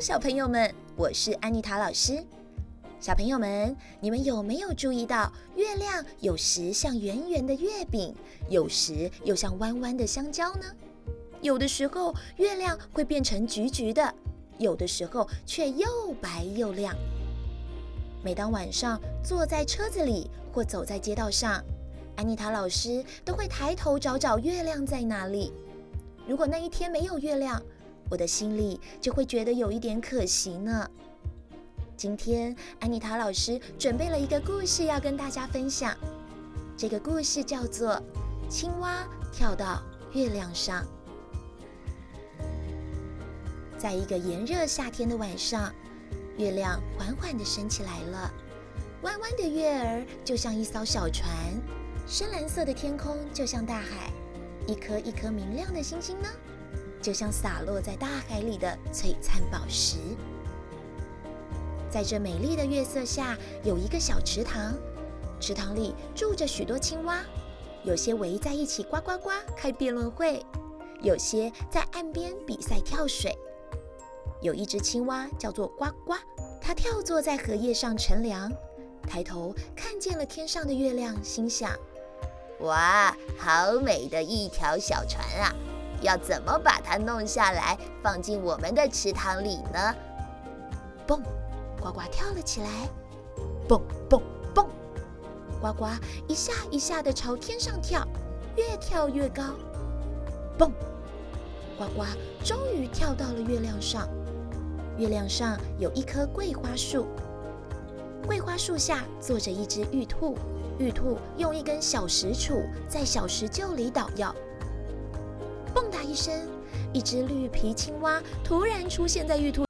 小朋友們，我是安妮塔老師。小朋友們，你們有沒有注意到，月亮有時像圓圓的月餅，有時又像彎彎的香蕉呢？有的時候月亮會變成橘橘的，有的時候卻又白又亮。每當晚上坐在車子裡或走在街道上，安妮塔老師都會抬頭找找月亮在哪裡。如果那一天沒有月亮，我的心裡就會覺得有一點可惜呢。今天安妮塔老師準備了一個故事要跟大家分享，這個故事叫做《青蛙跳到月亮上》。在一個炎熱夏天的晚上，月亮緩緩地升起來了，彎彎的月兒就像一艘小船，深藍色的天空就像大海，一顆一顆明亮的星星呢。就像灑落在大海裡的璀璨寶石。在這美麗的月色下，有一個小池塘，池塘裡住着許多青蛙，有些圍在一起呱呱呱開辯論會，有些在岸邊比賽跳水。有一隻青蛙叫做呱呱，它跳坐在荷葉上乘涼，抬頭看見了天上的月亮，心想：“哇，好美的一條小船啊！”要怎麼把它弄下來，放進我們的池塘裡呢？蹦，呱呱跳了起來，蹦蹦蹦，呱呱一下一下地朝天上跳，越跳越高。蹦，呱呱終於跳到了月亮上。月亮上有一棵桂花樹，桂花樹下坐着一隻玉兔，玉兔用一根小石杵在小石臼裡搗藥。身一隻綠皮青蛙突然出現在玉兔。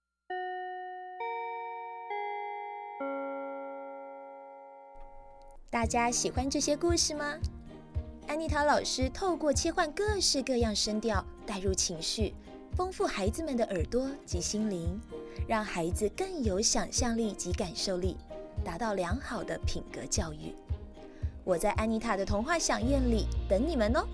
大家喜歡這些故事嗎？安妮塔老師透過切換各式各樣聲調，帶入情緒，豐富孩子們的耳朵及心靈，讓孩子更有想象力及感受力，達到良好的品格教育。我在安妮塔的童話饗宴裡等你們哦。